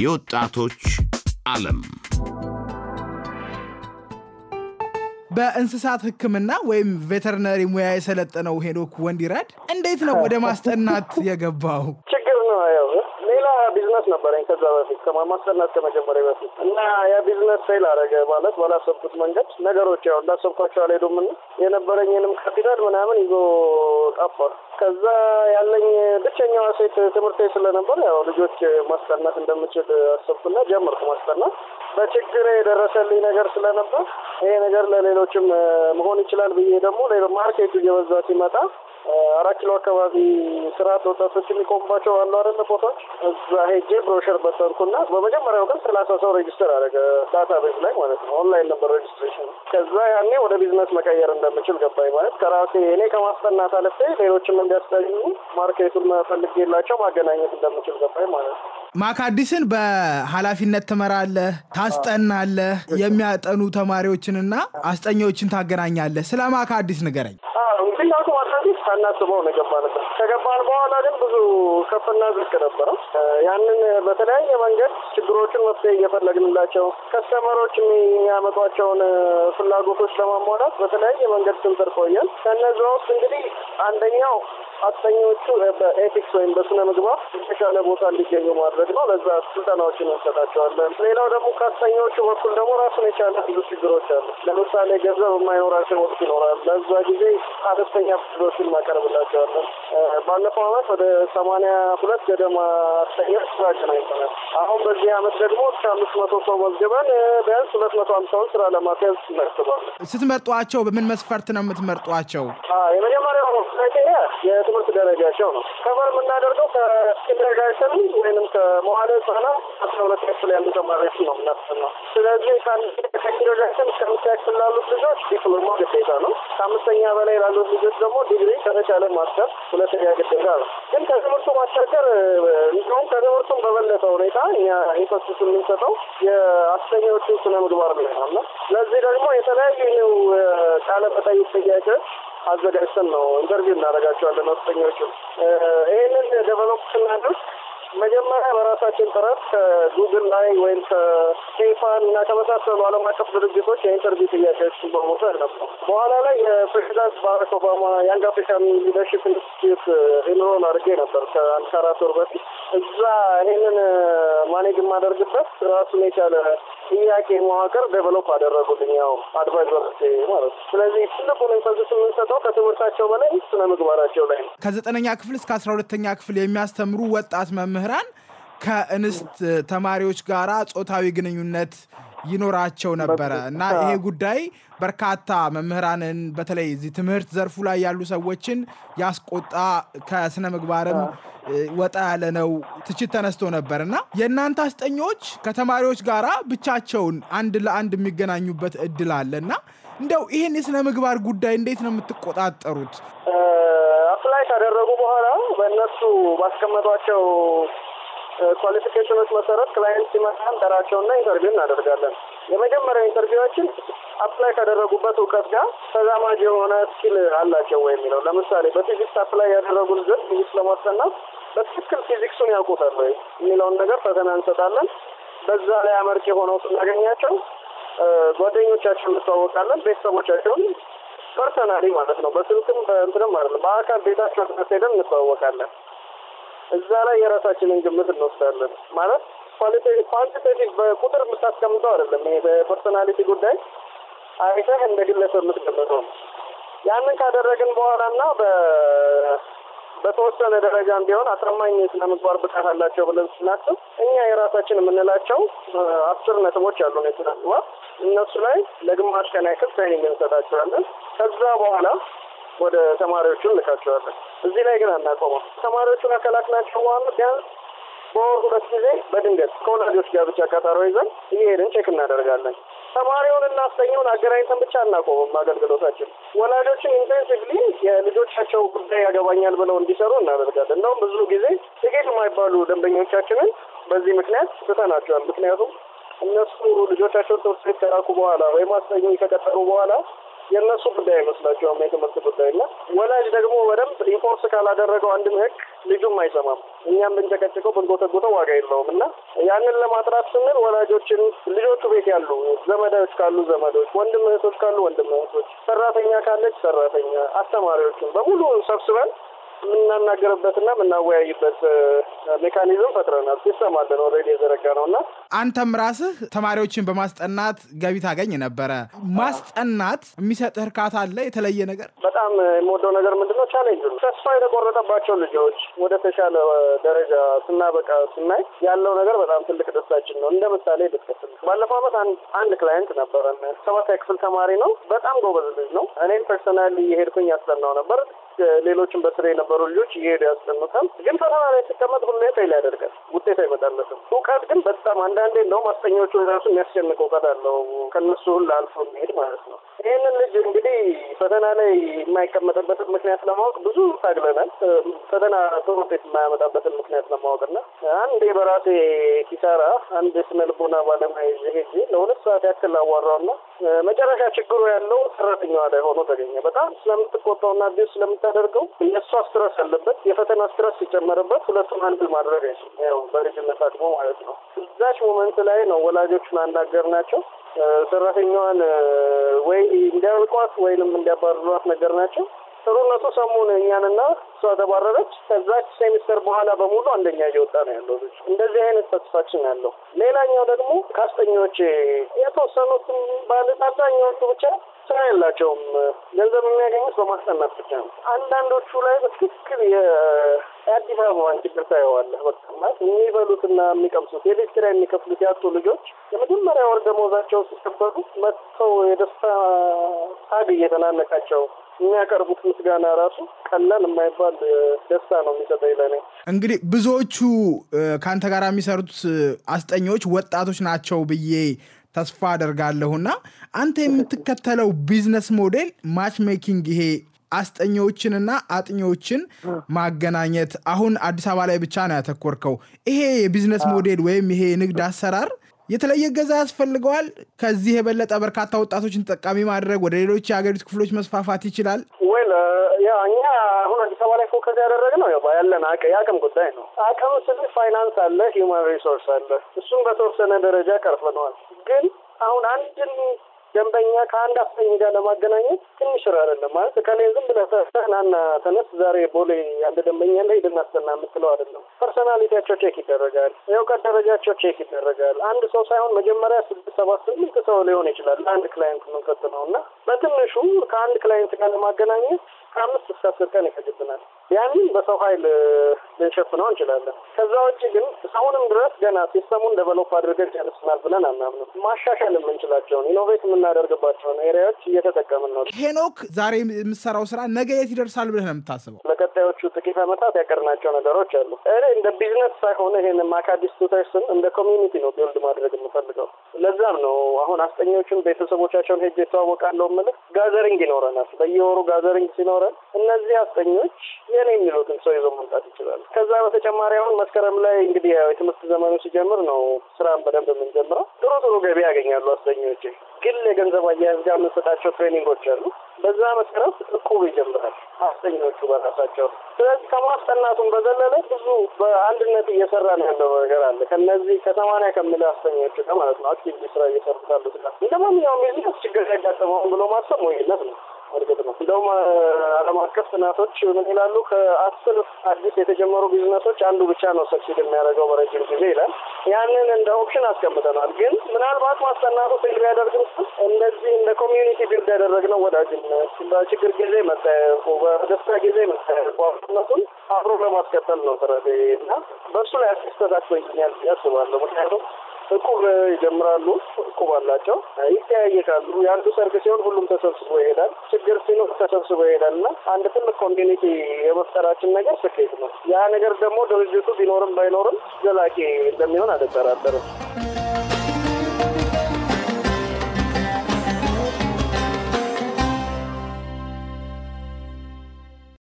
የወጣቶች ዓለም በእንስሳት ሕክምና ወይም ቬተርነሪ ሙያ የሰለጠነው ሄኖክ ወንዲራድ እንዴት ነው ወደ ማስጠናት የገባው? ቢዝነስ ነበረኝ ከዛ በፊት ከማማሰልና ከመጀመሪያ በፊት እና ያ ቢዝነስ ሴል አደረገ ማለት ባላሰብኩት መንገድ ነገሮች ያው እንዳሰብኳቸው አልሄዱም እና የነበረኝንም ካፒታል ምናምን ይዞ ጠፋ። ከዛ ያለኝ ብቸኛዋ ሴት ትምህርቴ ስለነበር ያው ልጆች ማስጠናት እንደምችል አሰብኩና ጀመርኩ ማስጠናት። በችግር የደረሰልኝ ነገር ስለነበር ይሄ ነገር ለሌሎችም መሆን ይችላል ብዬ ደግሞ ማርኬቱ እየበዛ ሲመጣ አራት ኪሎ አካባቢ ስርዓት ወጣቶች የሚቆሙባቸው አሉ አይደለ ቦታዎች እዛ ሄጄ ብሮሸር በሰርኩና በመጀመሪያው ቀን ሰላሳ ሰው ሬጅስተር አደረገ ዳታ ቤዝ ላይ ማለት ነው። ኦንላይን ነበር ሬጅስትሬሽን። ከዛ ያኔ ወደ ቢዝነስ መቀየር እንደምችል ገባኝ። ማለት ከራሴ እኔ ከማስጠናት አለፍ ሌሎችም እንዲያስጠኙ ማርኬቱን መፈልጌላቸው ማገናኘት እንደምችል ገባኝ ማለት ነው። አዲስን በኃላፊነት ትመራለህ፣ ታስጠናለህ፣ የሚያጠኑ ተማሪዎችንና አስጠኛዎችን ታገናኛለህ። ስለ አዲስ ንገረኝ። ሳናስበው ነው የገባንበት። ከገባን በኋላ ግን ብዙ ከፍና ዝቅ ነበረ። ያንን በተለያየ መንገድ ችግሮችን መፍትሄ እየፈለግንላቸው ከስተመሮች የሚያመጧቸውን ፍላጎቶች ለማሟላት በተለያየ መንገድ ስንጥር ቆየን። ከነዚ ውስጥ እንግዲህ አንደኛው አስተኞቹ በኤቲክስ ወይም በስነ ምግባር የተሻለ ቦታ እንዲገኙ ማድረግ ነው። ለዛ ስልጠናዎችን እንሰጣቸዋለን። ሌላው ደግሞ ከአስተኞቹ በኩል ደግሞ ራሱን የቻለ ብዙ ችግሮች አሉ። ለምሳሌ ገንዘብ የማይኖራቸው ወቅት ይኖራል። ለዛ ጊዜ አነስተኛ ብድሮችን እናቀርብላቸዋለን። ባለፈው አመት ወደ ሰማንያ ሁለት ገደማ አስተኞች ስራ አገናኝተናል። አሁን በዚህ አመት ደግሞ እስከ አምስት መቶ ሰው መዝግበን ቢያንስ ሁለት መቶ ሀምሳውን ስራ ለማስያዝ እናስባለን። ስትመርጧቸው በምን መስፈርት ነው የምትመርጧቸው? የመጀመሪያው ጥያቄ የትምህርት ደረጃቸው ነው። ከበር የምናደርገው ከኢንተርጋሽን ወይም ከመዋለ ህጻናት አስራ ሁለት ክፍል ያሉ ተማሪዎች ነው ነው። ስለዚህ ከኢንተርጋሽን እስከ አምስተኛ ክፍል ላሉት ልጆች ዲፕሎማ ግዴታ ነው። ከአምስተኛ በላይ ላሉት ልጆች ደግሞ ዲግሪ ከተቻለ ማስተር ሁለተኛ ግዴታ ነው። ግን ከትምህርቱ ማስቸገር እንዲሁም ከትምህርቱም በበለጠ ሁኔታ እኛ ኢንፈስቲስ የምንሰጠው የአስተኛዎቹ ስነ ምግባር ላይ ነው። ለዚህ ደግሞ የተለያዩ ቃለ መጠይቅ ጥያቄዎች አዘጋጅተን ነው ኢንተርቪው እናደርጋቸዋለን ወስጠኞቹ። ይህንን ደቨሎፕ ስናደርስ መጀመሪያ በራሳችን ጥረት ከጉግል ላይ ወይም ከቴፋን እና ከመሳሰሉ ዓለም አቀፍ ድርጅቶች የኢንተርቪው ጥያቄዎች በመውሰድ ነበር። በኋላ ላይ የፕሬዚዳንት ባራክ ኦባማ ያንግ አፍሪካን ሊደርሽፕ ኢንስቲትዩት ኢንሮል አድርጌ ነበር ከአንድ ከአራት ወር በፊት። እዛ ይህንን ማኔጅ የማደርግበት ራሱን የቻለ ጥያቄ መዋቅር ዴቨሎፕ አደረጉልኝ። ያው አድቫይዘር ማለት ስለዚህ ትልቁ ኢንፈሲስ የምንሰጠው ከትምህርታቸው በላይ ስነ ምግባራቸው ላይ ነው። ከዘጠነኛ ክፍል እስከ አስራ ሁለተኛ ክፍል የሚያስተምሩ ወጣት መምህራን ከእንስት ተማሪዎች ጋራ ጾታዊ ግንኙነት ይኖራቸው ነበረ እና ይሄ ጉዳይ በርካታ መምህራንን በተለይ እዚህ ትምህርት ዘርፉ ላይ ያሉ ሰዎችን ያስቆጣ ከስነ ምግባርም ወጣ ያለ ነው ትችት ተነስቶ ነበር እና የእናንተ አስጠኞች ከተማሪዎች ጋራ ብቻቸውን አንድ ለአንድ የሚገናኙበት እድል አለ እና እንደው ይህን የስነ ምግባር ጉዳይ እንዴት ነው የምትቆጣጠሩት? አፕላይ ካደረጉ በኋላ በእነሱ ባስቀመጧቸው ኳሊፊኬሽኖች መሰረት ክላይንት ሲመጣ ጠራቸውና ኢንተርቪው እናደርጋለን። የመጀመሪያ ኢንተርቪዋችን አፕላይ ካደረጉበት እውቀት ጋር ተዛማጅ የሆነ ስኪል አላቸው ወይ የሚለው ለምሳሌ በፊዚክስ አፕላይ ያደረጉት ልጆች ፊዚክስ ለማስጠናት በትክክል ፊዚክሱን ያውቁታል ወይ የሚለውን ነገር ፈተና እንሰጣለን። በዛ ላይ አመርቂ ሆነው ስናገኛቸው ጓደኞቻቸው እንተዋወቃለን። ቤተሰቦቻቸውን ፐርሰናሊ ማለት ነው። በስልክም በእንትንም ማለት ነው። በአካል ቤታቸው ድረስ ሄደን እንተዋወቃለን። እዛ ላይ የራሳችንን ግምት እንወስዳለን። ማለት ኳንቲቴቲቭ በቁጥር የምታስቀምጠው አይደለም። ይሄ በፐርሶናሊቲ ጉዳይ አይተህ እንደ ግለሰብ የምትገምተው ነው። ያንን ካደረግን በኋላ በተወሰነ ደረጃ ቢሆን አሳማኝ የስነ ምግባር ብቃት አላቸው ብለን ስናስብ እኛ የራሳችን የምንላቸው አስር ነጥቦች ያሉ ነው የስነ ምግባር እነሱ ላይ ለግማሽ ቀን ያክል ትሬኒንግ እንሰጣቸዋለን። ከዛ በኋላ ወደ ተማሪዎቹ እንልካቸዋለን። እዚህ ላይ ግን አናቆመም። ተማሪዎቹን አከላክላቸው በኋላ ቢያንስ በወር ሁለት ጊዜ በድንገት ከወላጆች ጋር ብቻ ቀጠሮ ይዘን እየሄድን ቼክ እናደርጋለን። ተማሪውን እና አገናኝተን ብቻ እናቆምም አገልግሎታችን። ወላጆችን ኢንቴንሲቭሊ የልጆቻቸው ጉዳይ ያገባኛል ብለው እንዲሰሩ እናደርጋለን። እንደውም ብዙ ጊዜ ጥቂት የማይባሉ ደንበኞቻችንን በዚህ ምክንያት ትተናቸዋል። ምክንያቱም እነሱ ልጆቻቸው ትምህርት ቤት ከላኩ በኋላ ወይም አስተኝ ከቀጠሩ በኋላ የእነሱ ጉዳይ አይመስላቸውም፣ የትምህርት ጉዳይ እና ወላጅ ደግሞ በደንብ ኢንፎርስ ካላደረገው አንድም ህግ ልጁም አይሰማም። እኛም ብንጨቀጭቀው ብንጎተጎተው ዋጋ የለውም እና ያንን ለማጥራት ስንል ወላጆችን፣ ልጆቹ ቤት ያሉ ዘመዶች ካሉ ዘመዶች፣ ወንድም እህቶች ካሉ ወንድም እህቶች፣ ሰራተኛ ካለች ሰራተኛ፣ አስተማሪዎችን በሙሉ ሰብስበን የምናናገርበትና የምናወያይበት ሜካኒዝም ፈጥረናል። ሲስተም አለን ኦልሬዲ የዘረጋ ነው እና አንተም ራስህ ተማሪዎችን በማስጠናት ገቢ ታገኝ ነበረ። ማስጠናት የሚሰጥህ እርካታ አለ? የተለየ ነገር? በጣም የምወደው ነገር ምንድነው ቻሌንጅ ነው። ተስፋ የተቆረጠባቸው ልጆች ወደ ተሻለ ደረጃ ስናበቃ ስናይ ያለው ነገር በጣም ትልቅ ደስታችን ነው። እንደ ምሳሌ ልጥቀስል። ባለፈው አመት አንድ ክላይንት ነበረን። ሰባተኛ ክፍል ተማሪ ነው። በጣም ጎበዝ ልጅ ነው። እኔም ፐርሰናሊ የሄድኩኝ ያስጠናው ነበር ሌሎችን በስር የነበሩ ልጆች እየሄዱ ያስጠኑታል። ግን ፈተና ላይ ሲቀመጥ ሁሌ ፌል ያደርጋል፣ ውጤት አይመጣለትም። እውቀት ግን በጣም አንዳንዴ እንደውም አስጠኞቹ ራሱ የሚያስጨንቅ እውቀት አለው፣ ከነሱ ሁሉ አልፎ የሚሄድ ማለት ነው። ይህንን ልጅ እንግዲህ ፈተና ላይ የማይቀመጥበትን ምክንያት ለማወቅ ብዙ ታግለናል። ፈተና ጥሩ ውጤት የማያመጣበትን ምክንያት ለማወቅና አንዴ በራሴ ኪሳራ አንድ የስነ ልቦና ባለሙያ ይዤ ሄጄ ለሁለት ሰዓት ያክል አዋራውና መጨረሻ ችግሩ ያለው ሰራተኛዋ ላይ ሆኖ ተገኘ። በጣም ስለምትቆጣውና ቢስ ስለምት የምታደርገው የእሷ ስትረስ አለበት፣ የፈተና ስትረስ ሲጨመርበት ሁለቱም አንድ ማድረግ አይችልም። ያው በልጅነት አድሞ ማለት ነው። እዛች ሞመንት ላይ ነው ወላጆቹን አናገር ናቸው ሰራተኛዋን ወይ እንዲያርቋት ወይንም እንዲያባርሯት ነገር ናቸው። ጥሩነቱ ሰሙን እኛንና እሷ ተባረረች። ከዛች ሴሚስተር በኋላ በሙሉ አንደኛ እየወጣ ነው ያለው። ልጅ። እንደዚህ አይነት ሳትስፋክሽን ያለው ሌላኛው ደግሞ ከአስጠኞቼ የተወሰኑትም ባለት አብዛኛዎቹ ብቻ ስራ የላቸውም። ገንዘብ የሚያገኙት በማስጠናት ብቻ ነው። አንዳንዶቹ ላይ በትክክል የአዲስ አበባን ችግር ታየዋለህ። በቃ የሚበሉትና የሚቀምሱት የቤት ኪራይ የሚከፍሉት ያጡ ልጆች የመጀመሪያ ወር ደመወዛቸው ሲከፈሉ መጥተው የደስታ ሳግ እየተናነቃቸው የሚያቀርቡት ምስጋና ራሱ ቀላል የማይባል ደስታ ነው የሚሰጠኝ ለኔ። እንግዲህ ብዙዎቹ ከአንተ ጋር የሚሰሩት አስጠኞች ወጣቶች ናቸው ብዬ ተስፋ አደርጋለሁና አንተ የምትከተለው ቢዝነስ ሞዴል ማች ሜኪንግ ይሄ አስጠኞችንና አጥኞችን ማገናኘት አሁን አዲስ አበባ ላይ ብቻ ነው ያተኮርከው። ይሄ የቢዝነስ ሞዴል ወይም ይሄ የንግድ አሰራር የተለየ ገዛ ያስፈልገዋል። ከዚህ የበለጠ በርካታ ወጣቶችን ተጠቃሚ ማድረግ ወደ ሌሎች የሀገሪቱ ክፍሎች መስፋፋት ይችላል። ማድረግ ነው ያለን የአቅም ጉዳይ ነው። አቅም ስል ፋይናንስ አለ፣ ሂውማን ሪሶርስ አለ። እሱም በተወሰነ ደረጃ ቀርፈነዋል። ግን አሁን አንድን ደንበኛ ከአንድ አስተኝ ጋር ለማገናኘት ትንሽ ስራ አይደለም ማለት ከኔ ዝም ብለህ ናና ተነስ ዛሬ ቦሌ አንድ ደንበኛ ላይ ድናስጠና የምትለው አይደለም። ፐርሶናሊቲያቸው ቼክ ይደረጋል፣ የእውቀት ደረጃቸው ቼክ ይደረጋል። አንድ ሰው ሳይሆን መጀመሪያ ስድስት ሰባት ስምንት ሰው ሊሆን ይችላል አንድ ክላይንት ነው እና በትንሹ ከአንድ ክላይንት ጋር ለማገናኘት ከአምስት እስከ አስር ቀን ይፈጅብናል። ያንን በሰው ኃይል ልንሸፍነው እንችላለን። ከዛ ውጭ ግን እስካሁንም ድረስ ገና ሲስተሙን ደቨሎፕ አድርገን ጨርስናል ብለን አናምንም። ማሻሻል የምንችላቸውን ኢኖቬት የምናደርግባቸውን ኤሪያዎች እየተጠቀምን ነው። ሄኖክ፣ ዛሬ የምሰራው ስራ ነገ የት ይደርሳል ብለህ ነው የምታስበው? ለቀጣዮቹ ጥቂት ዓመታት ያቀርናቸው ነገሮች አሉ። እኔ እንደ ቢዝነስ ሳይሆን ይሄን ማካዲስ ቱተርስን እንደ ኮሚኒቲ ነው ቢልድ ማድረግ የምፈልገው። ለዛም ነው አሁን አስጠኞቹን ቤተሰቦቻቸውን ሄጅ የተዋወቃለው ምልክ ጋዘሪንግ ይኖረናል። በየወሩ ጋዘሪንግ ሲኖረን እነዚህ አስጠኞች የኔ የሚሉትን ሰው ይዞ መምጣት ይችላሉ። ከዛ በተጨማሪ አሁን መስከረም ላይ እንግዲህ ያው የትምህርት ዘመኑ ሲጀምር ነው ስራን በደንብ የምንጀምረው። ጥሩ ጥሩ ገቢ ያገኛሉ አስተኞች፣ ግን የገንዘብ አያያዝ ጋር የምንሰጣቸው ትሬኒንጎች አሉ። በዛ መሰረት እቁብ ይጀምራል አስተኞቹ በራሳቸው። ስለዚህ ከማስጠናቱም በዘለለ ብዙ በአንድነት እየሰራ ነው ያለው ነገር አለ። ከነዚህ ከሰማንያ ከምለ አስረኞቹ ጋር ማለት ነው አክቲቪቲ ስራ እየሰሩታሉ። ስጋ እንደማንኛውም እንደ ችግር ያጋጠመውን ብሎ ማሰብ ሞኝነት ነው። እርግጥ ነው። እንደውም ዓለም አቀፍ ጥናቶች ምን ይላሉ? ከአስር አዲስ የተጀመሩ ቢዝነሶች አንዱ ብቻ ነው ሰክሲድ የሚያደርገው በረጅም ጊዜ ይላል። ያንን እንደ ኦፕሽን አስቀምጠናል። ግን ምናልባት ማስጠናቱ ፌል ቢያደርግም እንደዚህ እንደ ኮሚዩኒቲ ቢልድ ያደረግነው ወዳጅነት፣ በችግር ጊዜ መጠያየቁ፣ በደስታ ጊዜ መጠያየቁ ነቱን አብሮ ለማስቀጠል ነው ጥረት እና በእሱ ላይ አስስተታቸው ይኛል ያስባለሁ ምክንያቱም እቁብ ይጀምራሉ። እቁብ አላቸው፣ ይተያየቃሉ የአንዱ ሰርግ ሲሆን ሁሉም ተሰብስቦ ይሄዳል። ችግር ሲኖር ተሰብስቦ ይሄዳል እና አንድ ትልቅ ኮሚኒቲ የመፍጠራችን ነገር ስኬት ነው። ያ ነገር ደግሞ ድርጅቱ ቢኖርም ባይኖርም ዘላቂ እንደሚሆን አልጠራጠርም።